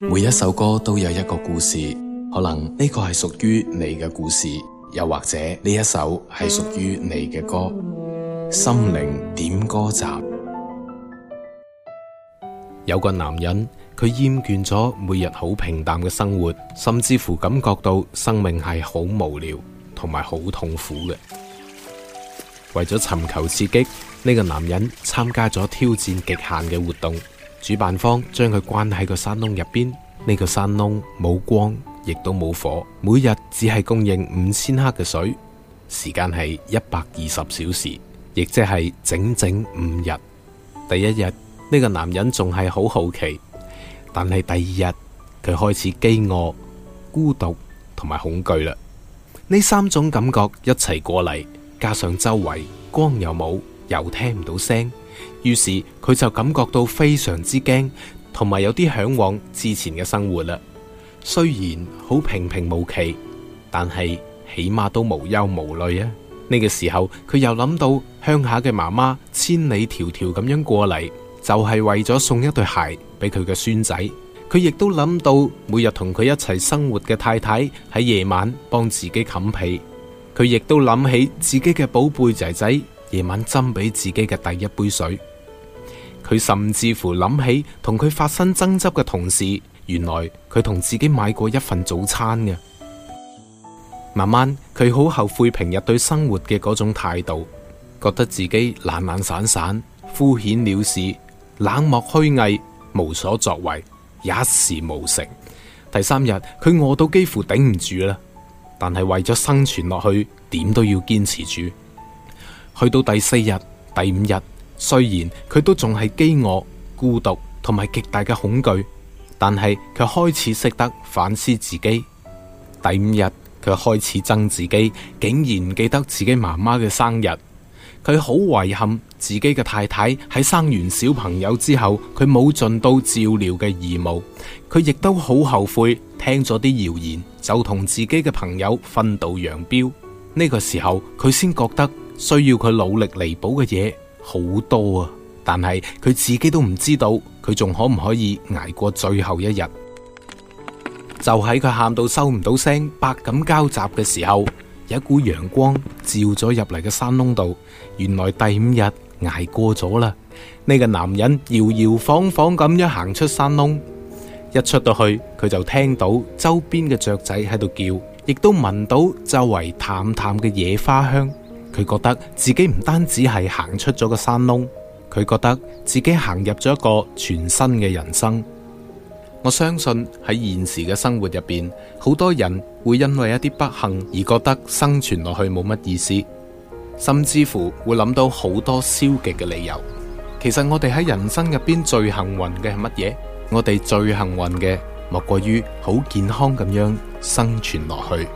每一首歌都有一個故事，可能呢個係屬於你嘅故事，又或者呢一首係屬於你嘅歌。心靈點歌站，有個男人，佢厭倦咗每日好平淡嘅生活，甚至乎感覺到生命係好無聊同埋好痛苦嘅。為咗尋求刺激，呢個男人參加咗挑戰極限嘅活動。主辦方將佢關喺個山窿入邊，呢個山窿冇光，亦都冇火，每日只係供應五千克嘅水，時間係一百二十小時，亦即係整整五日。第一日呢個男人仲係好好奇，但係第二日佢開始飢餓、孤獨同埋恐懼啦，呢三種感覺一齊過嚟，加上周圍光又冇。又聽唔到聲，於是佢就感覺到非常之驚，同埋有啲向往之前嘅生活啦。雖然好平平無奇，但係起碼都無憂無慮啊。呢、這個時候，佢又諗到鄉下嘅媽媽千里迢迢咁樣過嚟，就係、是、為咗送一對鞋俾佢嘅孫仔。佢亦都諗到每日同佢一齊生活嘅太太喺夜晚幫自己冚被。佢亦都諗起自己嘅寶貝仔仔。夜晚斟俾自己嘅第一杯水，佢甚至乎諗起同佢發生爭執嘅同事，原來佢同自己買過一份早餐嘅。慢慢佢好後悔平日對生活嘅嗰種態度，覺得自己懶懶散散、敷衍了事、冷漠虛偽、無所作為、一事無成。第三日佢餓到幾乎頂唔住啦，但係為咗生存落去，點都要堅持住。去到第四日、第五日，雖然佢都仲係飢餓、孤獨同埋極大嘅恐懼，但係佢開始識得反思自己。第五日，佢開始憎自己，竟然唔記得自己媽媽嘅生日。佢好遺憾自己嘅太太喺生完小朋友之後，佢冇盡到照料嘅義務。佢亦都好後悔聽咗啲謠言就同自己嘅朋友分道揚鑣。呢、這個時候，佢先覺得。需要佢努力彌補嘅嘢好多啊，但係佢自己都唔知道，佢仲可唔可以捱過最後一日？就喺佢喊到收唔到聲、百感交集嘅時候，有一股陽光照咗入嚟嘅山窿度，原來第五日捱過咗啦。呢個男人搖搖晃晃咁樣行出山窿，一出到去佢就聽到周邊嘅雀仔喺度叫，亦都聞到周圍淡淡嘅野花香。佢覺得自己唔單止係行出咗個山窿，佢覺得自己行入咗一個全新嘅人生。我相信喺現實嘅生活入邊，好多人會因為一啲不幸而覺得生存落去冇乜意思，甚至乎會諗到好多消極嘅理由。其實我哋喺人生入邊最幸運嘅係乜嘢？我哋最幸運嘅莫過於好健康咁樣生存落去。